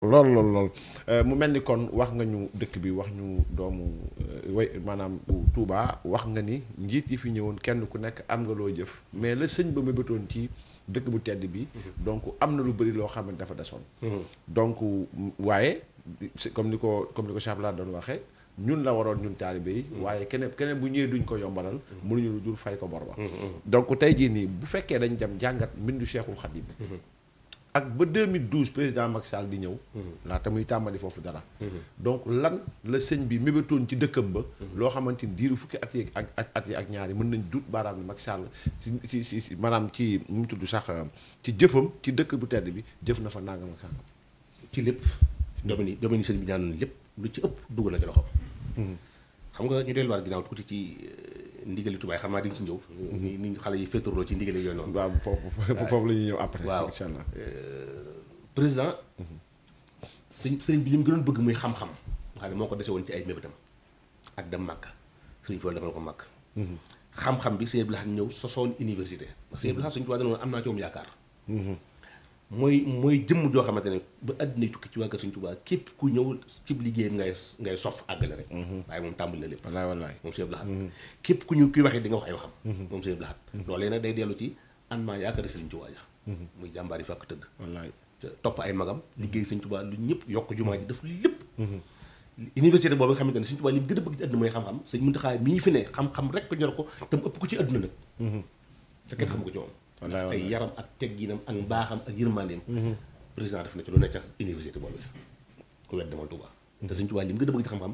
lool lool lool euh, mu mel ni kon wax nga ñu dëkk bi wax ñu doomu euh, way maanaam Touba wax nga ni njiit yi fi ñëwoon kenn ku nekk am nga loo jëf mais la sëñ ba mébétoon ci dëkk bu tedd bi mhm. donc am na lu bëri loo xam ne dafa desoon mhm. donc waaye comme ni ko comme ni ko Cheikh doon waxee ñun la waroon ñun taalibe yi mhm. waaye keneen keneen bu ñëwee duñ ko yombalal mënuñu lu dul fay ko bor ba donc tey jii nii bu fekkee dañ dem jàngat mbindu Cheikhul Khadim ak ba 2012 président Macky Sall di ñëw. laata muy tàmbali foofu dara. donc lan la sëñ bi mébétoon ci dëkkam ba. loo xamante ni diiru fukki at yi ak at yi ak ñaari mën nañ duut baaraam ni Macky Sall ci ci ci maanaam ci mu tudd sax ci jëfam ci dëkk bu tedd bi jëf na fa nangam ak sàngam. ci lépp domaine domaine sëñ bi ñaanoon lépp lu ci ëpp dugg na ci loxo. Hmm. xam nga ñu delluwaat ginnaaw tuuti ci. ndigali tubaay xam naa di nga ci ñëw mm-hmm. ni ni xale yi féeturloo ci ndigali yooyu noonu waaw euh, président sëñ sëriñ bi li mu gënoon bëgg muy xam-xam nga moo ko dese woon ci ay mébétam ak dem màkk sëriñ Fallu defal ko màkk mm-hmm. xam-xam bi sëriñ bi la xam ñëw sosoon université ndax sëriñ bi la xam suñu tubaab dana woon am naa ci yaakaar mm-hmm. mooy mooy jëmm joo xamante ne ba àddina tukki ci waa Kër Sëñ képp ku ñëw cib liggéeyam ngay ngay sof àggale rek mhm. waaye moom tàmbali la lépp wallaay wallaay moom Sëñ Abdou Lahad mhm. képp ku ñu kuy waxee mhm. ñëpp yokk jumaa ji def xam-xam Sëñ Muntaxaa mii fi ne xam rek ko ñor ko tam ëpp ko ci àdduna nag te kenn xam ko ci moom wallaay ay yaram ak tegginam ak mbaaxam ak yërmandeem. Mm-hmm. président def na ci lu nekk ca université boole ku wet demal Touba. Mm-hmm. te Sëñ Touba li mu gën a bëgg ci xam-xam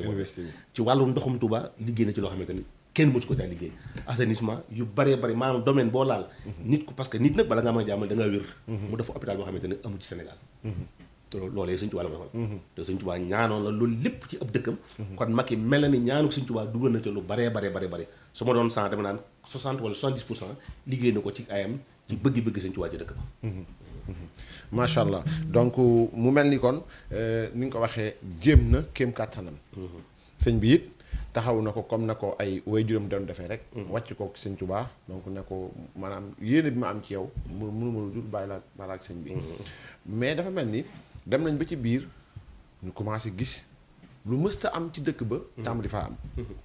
mm-hmm. wàllu ndoxum Touba liggéey na ci loo xamante ni kenn mësu ko caa liggéey. assainissement yu bëree bëri maanaam domaine boo laal. nit ku parce que nit nag bala ngaa mën a jaamal wér. mu dafa hôpital boo xamante ne amul ci Sénégal. te loolee Sëñ Tuubaa la ko defal mhm. te Sëñ Tuubaa ñaanoon la loolu lépp ci ab dëkkam mhm. kon Macky mel na ni ñaanu Sëñ Tuubaa dugal na ca lu baree baree baree baree su ma doon cent dama naan 60 wala 70 pour cent liggéey na ko ci ayam ci bëgg-bëgg Sëñ Tuubaa ci dëkk ba mhm. macha allah donc mu mel ni kon euh, ni nga ko waxee jéem na kéem kàttanam sëñ bi taxaw na ko comme na ko ay way juróom doon defee rek wàcc kook sëñ Tuubaa donc ne ko maanaam yéene bi ma am ci yow mënu mënu mënu dul bàyyi laa bàyyi laa ak sëñ bi mais dafa dem nañ ba ci biir ñu commencé gis lu mësta am ci dëkk ba di mhm. faa am mhm.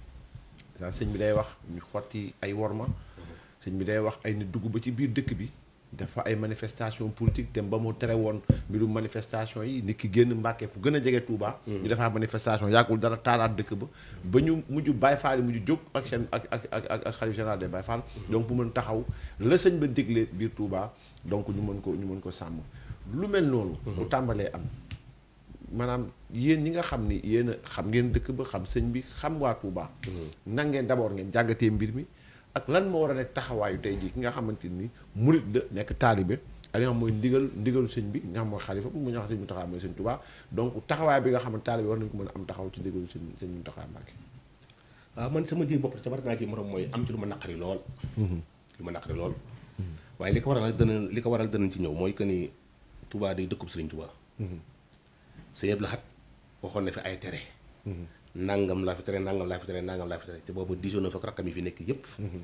saa sëñ bi day wax ñu xotti ay worma mhm. sëñ bi day wax ay ni dugg ba ci biir dëkk bi dafa ay manifestation politique dem ba mu tere woon mbirum manifestation yi nit ki génn Mbàkke fu gën a jege Touba. ñu defaa manifestation yàggul dara taalaat dëkk ba ba ñu mujj baay Fall yi mujj jóg ak seen ak ak ak ak xalif général des Baye Fall donc bu mën taxaw la sëñ ba digle biir Touba donc ñu mën ko ñu mën ko sàmm lu mel noonu. Mhm. bu tàmbalee am. maanaam yéen ñi nga xam ni yéen a xam ngeen dëkk ba xam sëñ bi xam waa Touba. Mhm. nan ngeen d'abord ngeen jàggatee mbir mi ak lan moo war a nekk taxawaayu tey jii ki nga xamante ni murit la nekk taalibe ak li nga xam mooy ndigal sëñ bi nga xam mooy xalifa bu ñu wax sëñ Mountakha mooy sëñ Touba donc taxawaay bi nga xam ne taalibe war nañ ko mën a am taxaw ci ndigalu sëñ sëñ Mountakha Mbacké. waaw ah, man sama jëm bopp war naa ci moroom mooy am ci lu ma naqari lool. Mhm. lu ma naqari lool. waaye li ko waral li ko waral dana ci ñëw mooy que ni Touba day dëkkub Serigne Touba. Mhm. Sëñ Abdou Lahad waxoon na fi ay tere. Mhm. nangam laa fi tere nangam laa fi tere nangam laa fi tere te boobu diisoo na fa rakkam yi fi nekk yëpp. Mhm.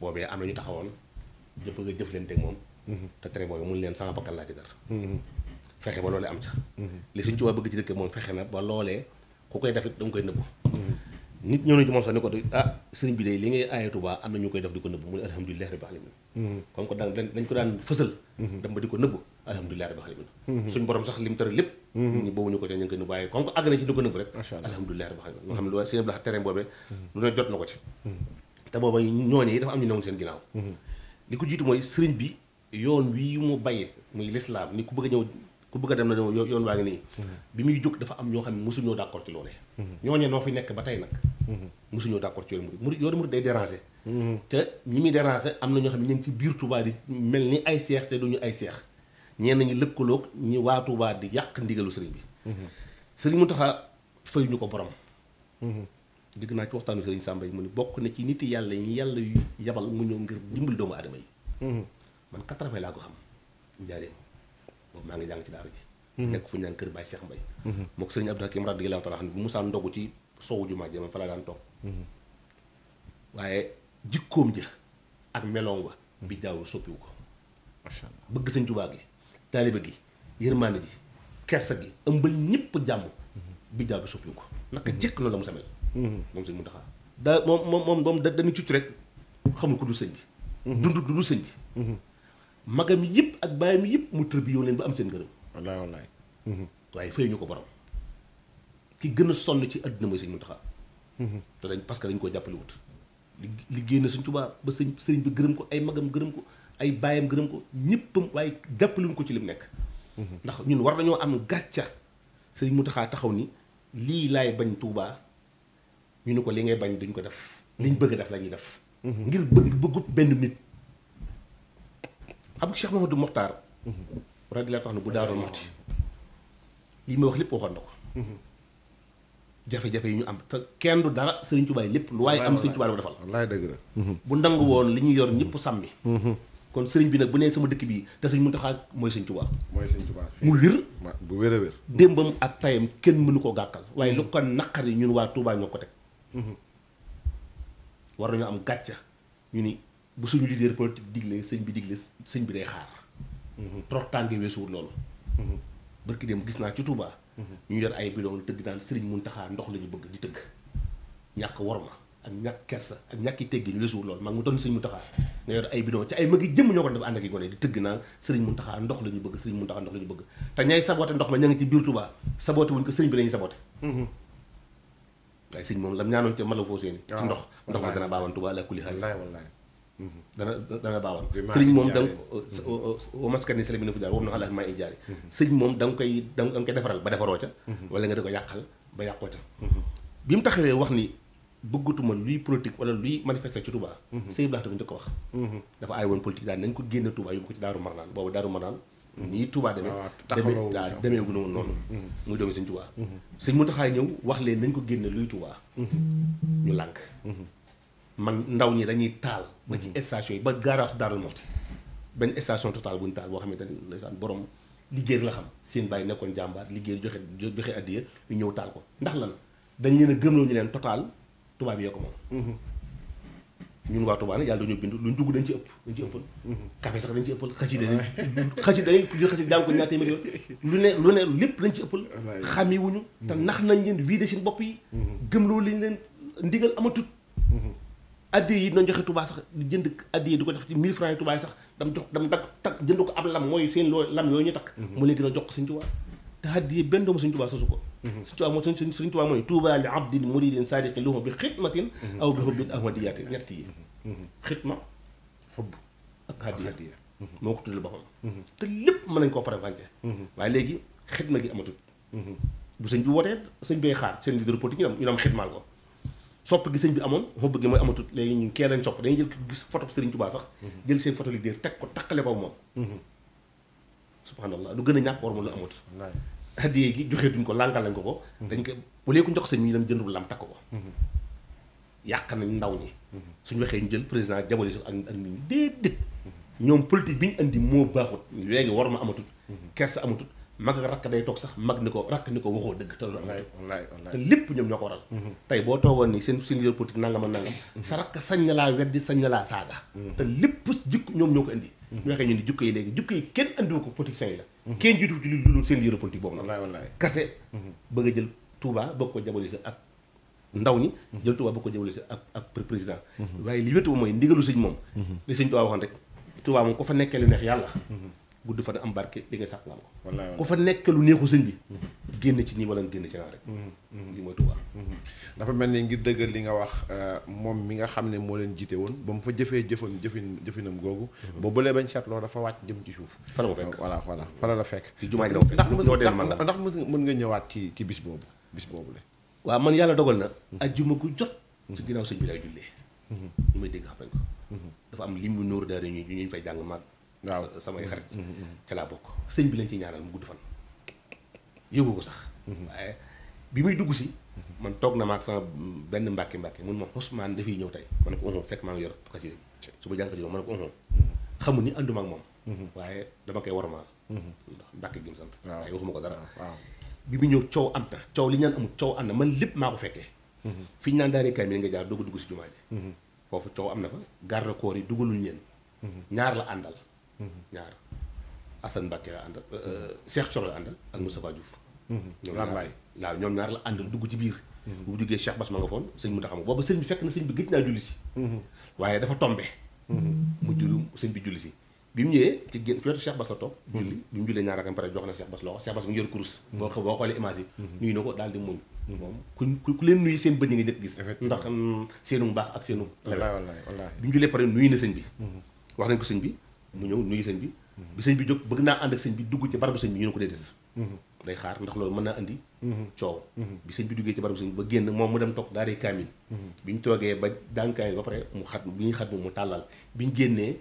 boobee am na ñu taxawoon jëpp nga jëf leen teg moom. te tere boobu mun leen sama bakkan laa ci dara. fexe ba loolee am sa li Serigne Touba bëgg ci dëkk moom fexe na ba loolee ku koy def it da nga koy nëbbu. nit ñëw na moom sax ni ko ah sëriñ bi de li ngay aaye Tuubaa am na ñu koy def di ko nëbb mu ne alhamdulilah rabbil alamin mhm. comme ko daan mhm. mhm. suñ borom sax lim tere lépp ñu boobu ñu ko ca ñu ko nëbb rek alhamdulilah rabbil alamin nga xam ne lu seen la boobee lu ne jot na ko ci te booba ñooñe yi dafa am ñu newoon seen ginnaaw li ko jiitu mooy sëriñ bi yoon wi mu bàyyee muy lislaam ni ku bëgg ñëw ku bëgg a dem na yoon waa ngi nii mm-hmm. bi muy jóg dafa am ñoo xam ne mosuñoo d'accord ci loolee mm-hmm. ñooñe noo fi nekk ba tey nag mm-hmm. mosuñoo d'accord ci yoonu murid yoonu murid day déranger te ñi muy déranger am na ñoo xam ñu ngi ci biir Touba di mel ni ay seex te duñu ay seex ñenn ñi lëkkaloog ñi waa Touba di yàq ndigalu sëriñ bi sëriñ Mountakha fay ñu ko borom digg naa ci waxtaanu sëriñ Samba yi mu ne bokk na ci nit yàlla ñu yàlla yu yabal mu ñëw ngir dimbali doomu aadama yi man 80 laa ko xam njaareem boobu maa ngi jàng ci daal ji mhm. nekk fu ñu naan kër Baye Cheikh Mbaye mhm. moo ko sëriñ Abdou Hakim radiyallahu taala la daan toog mhm. waaye jikkoom ja ak meloom wa bi daaw soppiwu ko macha allah bëgg sëñ Tuubaa gi taaliba gi yërmaane ji kersa gi ñëpp jàmm bi daaw bi soppiwu ko naka jëkk noonu la mu samel moom sëñ Muntaxa daa moom moom moom moom dañu cucc rek xamul ku du sëñ bi dund du du sëñ bi magam yëpp ak baayam yëpp mu tërbiyoo leen ba am seen ngërëm. wallaay wallaay. Mhm. waaye fay ñu ko borom. ki gën a sonn ci àdduna mooy sëñ Muntaxa. Mhm. te dañ parce que dañ koo jàppale wut. li liggéey na sëñ Tuubaa ba sëñ sëriñ bi gërëm ko ay magam gërëm ko ay baayam gërëm ko ñëppam waaye jàppaluñ ko ci lim nekk. Mhm. ndax ñun war nañoo am gàcca sëñ Muntaxa taxaw ni lii laay bañ Tuubaa ñu ni ko li ngay bañ duñ ko def. liñ bëgg def la ñuy def. ngir bëgg bëggut benn nit. xam nga Cheikh Mamadou Mokhtar. radiyallaahu tax na bu daarul Muxti lii ma wax lépp waxoon na ko. jafe-jafe yi ñu am te kenn du dara Serigne Touba lépp lu waaye am Serigne Touba dafa defal. wallaay dëgg la. bu nangu woon li ñu yor ñëpp sàmmi. kon Serigne bi nag bu nee sama dëkk bii te Serigne Mountakha mooy Serigne Touba. mooy Serigne Touba mu wér. bu wér a wér. démbam ak tayam kenn mënu koo gàkkal waaye lu ko naqari ñun waa Touba ñoo ko teg. Mhm. war nañoo am gàcca ñu ni. bu suñu leader politique diglé señ bi diglé señ bi day xaar hmm trop trottaan gi weesuwul loolu mhm. barki dem gis naa ci Touba mhm. ñu yor ay bidon tëgg naan sëriñ Muntaxa ndox lañu bëgg di tëgg ñàkk worma ak ñàkk kersa ak ñàkki ñu weesuwul loolu maa ngi mu doon sëñ Muntaxa nga yor ay bidon ci ay magi jëm ñoo ko def ànd ak gone di tëgg naan sëriñ Muntaxa ndox lañu ñu bëgg sëriñ Muntaxa ndox lañu bëgg te ñay saboté ndox ma ña ngi ci biir Touba saboté wuñ ko sëriñ bi lañu saboté hmm ay sëñ moom lam ñaanoon ci mala ah, foo seeni ci ndox ndox ma gëna baawon Touba la kulli wallahi Mm-hmm. dana dana baawan mm-hmm. sëriñ moom da nga maskani sëriñ bi da nga koy da nga koy defaral ba defaroo ca mm-hmm. wala nga di ko yàqal ba yàqoo ca bi mu taxawee wax ni bëggatuma luy politique wala luy manifester ci Touba sëriñ Blaata bu njëkk ko wax dafa aay woon politique daal nañ ko génne Touba yóbbu ko ci Daaru Marnaan boobu Daaru Marnaan nii Touba demee ah, demee waa noonu muy doomi sëñ Touba sëñ Mountakha ñëw wax leen nañ ko génne luy Touba ñu lànk man ndaw ñi dañuy taal. ba ci mm-hmm. station yi ba garage Darou Mouhty benn station Total bu taal boo xamante ni ndeysaan borom liggéey la xam seen bàyyi nekkoon jàmbaar liggéey joxe joxe addiya ñu ñëw taal ko ndax lan dañ leen a gëmloo ñu leen Total tubaab yee ko moom. Mm-hmm. ñun waa Touba nag yàlla bind luñ dugg dañ ci ëpp dañ ci ëppal. Mm-hmm. café sax dañ ci ëppal xasida dañ xasida dañ jël xasida jàng ko ñaar téeméer yoon lu ne lu ne lépp dañ ci ëppal xami ñu te nax nañ leen wii de seen bopp yi gëmloo liñ leen ndigal amatut addiya yi dinañ joxe Touba sax di jënd addiya di ko def ci 1000 francs yi Touba yi sax dam jox dam tak tak jënd ko ab lam mooy seen loo yooyu ñu takk mu mhm. léegi gën a jox ko Sëñ Touba te addiya benn ko mhm. Sëñ Touba mooy Sëñ Touba mooy Touba li abdin muridin sadiqin lahum bi xidmatin mhm. aw bi hubbin ahmadiyati ñett yi ko tuddal boppam te lépp mën nañ koo faram-fàcce waaye léegi bu sëñ bi wootee sëñ bay xaar seen leader politique ñu dem ñu dem xidmaal ko sopp gi sëñ bi amoon moo bëgg mooy amatut léegi ñu kee leen sopp dañuy jël gis photo Sëriñ Tuubaa sax mhm. jël seen photo leader teg ko takkale ko moom mhm. subhanallah du gën a ñàkk war ma lu amut addiyee gi joxee duñ ko lànkal lañ ko ko mhm. dañ ko bu lee ko jox sëñ bi ñu dem jëndul lam takk ko yàq nañ ndaw ñi suñu waxee ñu jël président jabole su ak ak nit ñi ñoom politique bi ñu indi moo baaxut léegi war ma amatut kersa amatut mag ak rakk day toog sax mag ni ko rakk ni ko waxoo dëgg te loolu am te lépp ñoom ñoo ko waral mhm. tey boo toogoon ni mhm. sa rakk sañ na laa weddi sañ na laa saaga mhm. te lépp jikko ñoom ñoo ko indi ñu waxee ñu ni jukko yi léegi jukko yi kenn andiwu ko politiciens yi la kase bëgg a jël Touba bëgg ko jabolise ak ndaw ñi jël Touba bëgg ko jabolise ak président waaye li wétu ba mooy ndigalu sëñ moom li sëñ Touba waxoon rek Touba moom ko fa nekkee lu neex yàlla gudd fan am barke di nga sax lam ko fa nekk lu neexu sëñ bi génn ci nii wala génn ci naa rek mhm, mhm. li mooy Tuubaa mhm. dafa mel ni ngir dëggal li nga wax euh, moom mi nga xam ne moo leen jiite woon ba mu fa jëfee jëfan jëfin jëfinam googu ba bëlee bañ seetloo dafa wàcc jëm ci suuf fa la ko fekk voilà voilà fa la la fekk ci jumaa ji la ndax mën nga ñëwaat ci ci bis boobu bis boobu la waaw man yàlla dogal na ajjuma gu jot ci ginnaaw sëñ bi lay jullee ñu may dégg xam nañ ko dafa am limu nóor daara ñu ñu fay jàng mag waaw samay xarit mm-hmm, mm-hmm. ca laa bokk sëñ bi lañ ci ñaanal mu gudd fan mm-hmm. yëgu ko sax waaye bi muy dugg si man toog na maag sama benn mbàkke mbàkke mun ma Ousmane dafay ñëw tey ma ne ko fekk maa ngi yor xasida suba jàng xasida ma ko ak moom waaye dama koy warmaal ndax mbàkke gi mu sant waaye waxuma ko dara bi mu ñëw coow am na coow li ñaan amul coow am na man lépp maa ko fekkee fi ñu naan daari kaay nga jaar dugg dugg si jumaa ji foofu coow am na fa garde corps yi dugalul ñeen ñaar la àndal Mm-hmm. ñaar Assane Mbacké la àndal euh, euh, Cheikh Thioro la àndal ak Moustapha Diouf mm-hmm. lambaay waaw ñoom ñaar la àndal dugg ci biir bu mm-hmm. mu duggee Cheikh ma nga foon sëñ mu taxaw booba mu julli sëñ mu ñëwee ci génn mu baax ak seenu bi mu jullee pare nuyu na sëñ bi wax nañ ko sëñ bi mu ñëw nuyu sëñ bi bi sëñ bi jóg bëgg naa ànd ak sëñ bi dugg ci barabu sëñ bi ñu ne ko dee des mhm. day xaar ndax loolu mën naa andi mhm. coow mhm. bi sëñ bi duggee ci barabu sëñ bi ba génn moom mu dem toog daari kaamil bi ñu toogee ba daan kaamil ba pare mu xat bi ñuy xat mu tàllal bi ñu génnee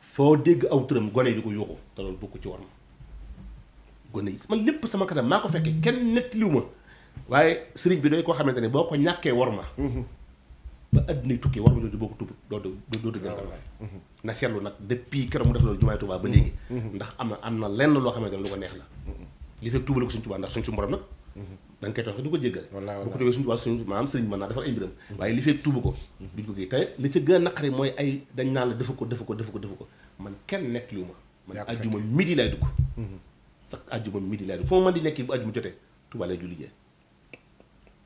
foo dégg aw turam gone yi du ko yuuxu te loolu bokk ci war ma gone yi man lépp sama kanam maa ko fekkee kenn nettaliwu ma waaye sëriñ bi doy koo xamante ne boo ko ñàkkee war ma ba addunay tukki war nga jooju boo ko tub doo doo dëgg na seetlu nag depuis keroog mu def loolu jumaay Tuubaa ba léegi mm-hmm. ndax am na am na lenn loo xamante ne lu ko neex la mm-hmm. li fekk tuubale ko mm-hmm. da nga koy toog a naqari mooy ay dañ naan ma man ajjuma midi lay ma mën di nekk bu ajjuma jotee julli jee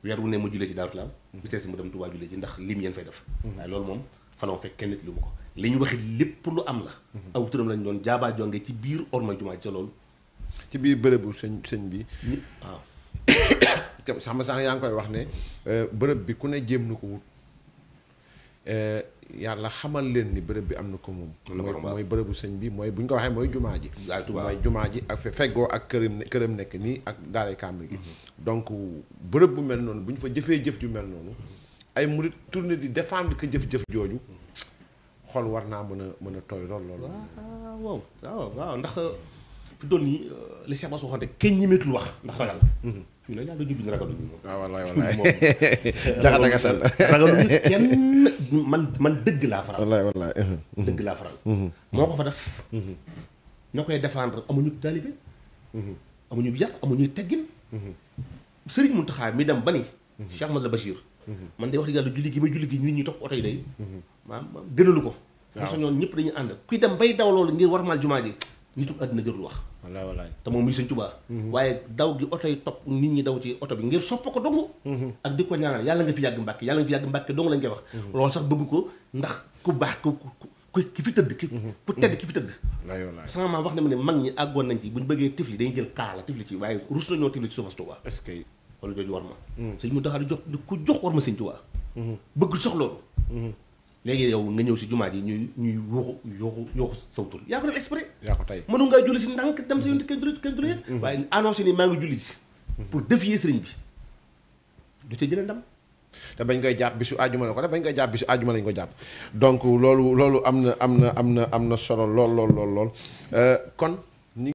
weer wu ne ma julee ci Daaru Salaam bi si mu dem Tuubaa julee ji ndax lim yeen fay def mhm. waaye loolu moom fanoo fekk kenn nit li mu ko li ñu waxit lépp lu am la mhm. aw turam lañ doon jaabaa jonge ci biir ormay jumaa ca loolu ci biir bërëbu sëñ sëñ bi sax ma sax yaa ngi koy wax ne euh, bërëb bi ku ne jéem na ko wut euh, yàlla xamal leen ni bërëb bi am na ko moom mooy bërëbu señ bi mooy bu ñu ko waxee mooy jumaa ji mooy jumaa ji ak feggoo ak këram këram nekk nii ak daara kaamil gi mhm. donc bërëb bu mel noonu bu ñu fa jëfee jëf ju mel noonu ay murit tourné di défendre que jëf-jëf jooju xol war naa mën a mën a tooy lool lool waaw waaw waaw ndax fi doon nii li Cheikh Bass waxante kenn ñimeetul wax ndax ragal mhm. fii la yàlla jubbi ragaluñu moom. waaw wallaay wallaay jaxata nga sal ragaluñu kenn man man dëgg laa faral. wallaay wallaay. Uh-huh, uh-huh. dëgg laa faral. Uh-huh. moo ko fa def. ñoo koy défendre amuñu taalibe. amuñu yar amuñu teggin. Serigne Mountakha mi dem ba ni. Cheikh Moussa Bachir. man day wax dëgg yàlla julli gi ma julli gi ñun ñi topp oto yi day. maam gënalu ko. waaw parce que ñoom ñëpp dañuy ànd dem bay daw loolu ngir warmal jumaa ji nitu àddina jërul wax. wallaay wallaay te moom muy sëñ Tuubaa mhm. waaye daw gi oto yi topp nit ñi daw ci oto bi ngir sopp ko dong mhm. ak di ko ñaanal yàlla nga fi yàgg mbàkke yàlla nga fi yàgg mbàkke dong lañ koy wax mhm. loolu sax bëgg ko ndax ku baax ku ku ki fi tëdd ki fi tëdd wallaay wallaay wax na ma ne mag ñi àggoon nañ ci bu ñu bëggee tifli dañuy jël kaala tifli ci waaye rus nañoo tifli ci suufas Tuubaa est-ce que loolu jooju war ma sëñ mu taxaar jox ku jox war ma sëñ Tuubaa bëgg sox légui yow nga ñëw ci jumaa ji ñuy ñuy yuuxu yoxu yoxu saw tur yaa ko def exprès ya ko tay mënu nga julli ci ndank dem sa yoon kenn du kenn du la mm-hmm. annoncé ni ma nga julli ci pour défier sëriñ bi du ci jëlee ndam da bañ koy japp bisu aljuma la ko def bañ koy japp bisu aljuma lañ ko japp donc lolu lolu amna amna amna amna solo lool lool lool euh kon